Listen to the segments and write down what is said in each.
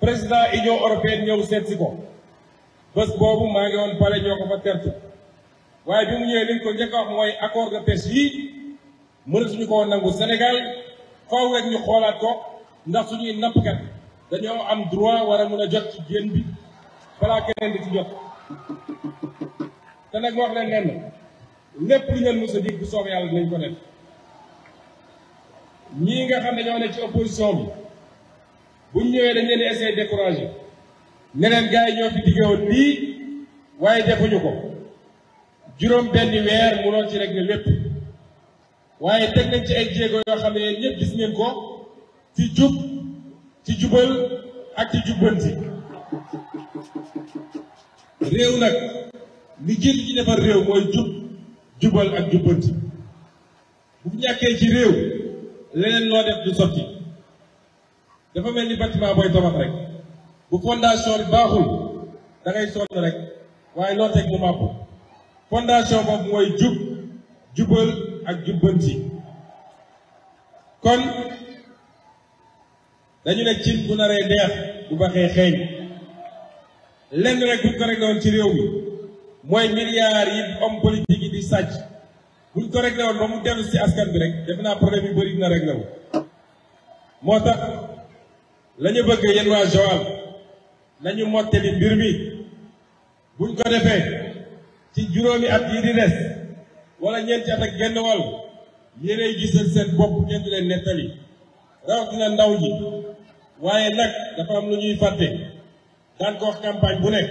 président union européenne ñëw seet si ko bés boobu maa ngi woon pare ñoo ko fa tertu waaye bi mu ñëwee liñ ko njëkk wax mooy accord de pêche yi mënatuñu koo nangu Sénégal faw rek ñu xoolaat ko ndax suñuy nappkat dañoo am droit war a mën a jot ci bi balaa keneen di ci jot te nag wax leen lenn lépp lu ngeen mos a bu soobee yàlla dinañ ko def ñii nga xam ne ñoo ne ci opposition bi buñ ñu dañ leen essayé découragé ne leen gars yi ñoo fi diggewoon lii waaye defuñu ko juróom benn weer mënoon ci rek ne lépp waaye teg nañ ci ay jéego yoo xam ne yéen gis ngeen ko ci jub ci jubal ak ci jubbanti réew nag li jiitu ci defar réew mooy jub jubal ak jubbanti bu ñàkkee ci réew leneen loo def du sotti Defon men li bati maboy tomak rek. Bu fondasyon li bahu. Daga yi sot norek. Wan yi lotek mou mabou. Fondasyon wak mwen yi djoub. Djoub el ak djoub bonti. Kon. Danyou lek chit kou narek deyak. Kou baken chen. Len norek kou korek nan tiri ou. Mwen yi milyar yi. Om politik yi di saj. Kou korek nan ou. Mwen mwen gen yi si askan mou rek. Defon aprele mou boli kou narek nan ou. Mou atak ou. la ñu bëgg yéen waa Joal nañu mottali mbir mi buñ ko defee ci juróomi at yi di des wala ñeenti at ak genn wàll yéenay gisal seen bopp kenn leen nettali rawatina ndaw ñi waaye nag dafa am lu ñuy fàtte daan ko wax campagne bu nekk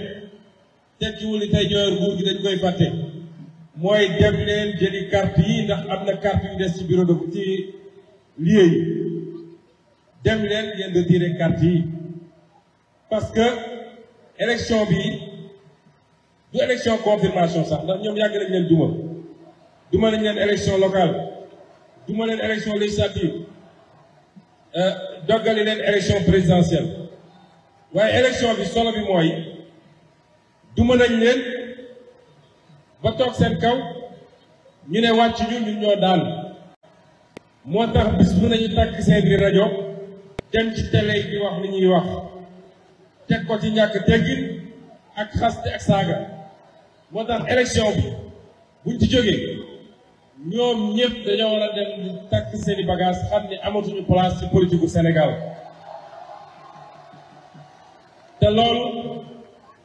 tekkiwul ni tey joor nguur gi dañ koy fàtte mooy dem leen jëli carte yi ndax am na carte yu des ci bureau ci lieu yi dem vient de dire carte parce que élection bi une élection confirmation sax nous avons avons duma duma avons élection locale avons une élection législative euh, avons une élection présidentielle une élection bi solo bi duma ba dem ci télé yi di wax li ñuy wax teg ko ci ñàkk teggin ak xaste ak saaga moo tax élection bi buñ ci jógee ñoom ñëpp dañoo war dem di takk seeni bagage xam ne amatuñu place ci politique Sénégal te loolu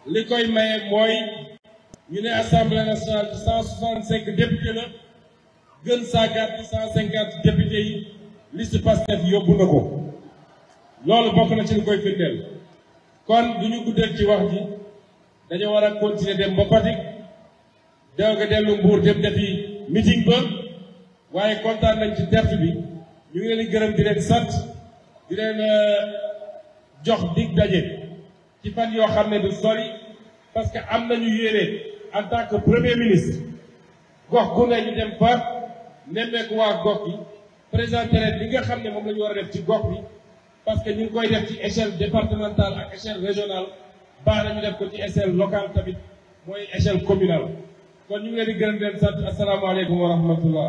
li koy maye mooy ñu ne assemblée nationale bi cent soixante cinq député la gën saa gàtt cent cinquante député yi liste Pastef yóbbu na ko loolu bokk na ci li koy firndeel kon du ñu guddal ci wax ji dañoo war a continuer dem ba Fatick daaw ga Mbour dem defi meeting ba waaye kontaan nañ ci derte bi ñu ngi leen di gërëm di leen sant di leen euh, jox dig daje ci fan yoo xam ne du sori parce que am nañu yéene en tant que premier ministre gox gu ne ñu dem fa nemmeeku waa gox bi présenté leen li nga xam ne moom la a def ci gox bi. parce que ñu ngi koy def ci échelle départementale ak échelle régionale baax na ñu def ko ci échelle locale tamit mooy échelle communal kon ñu ngi leen di gërëm leen sant asalaamaaleykum wa rahmatullah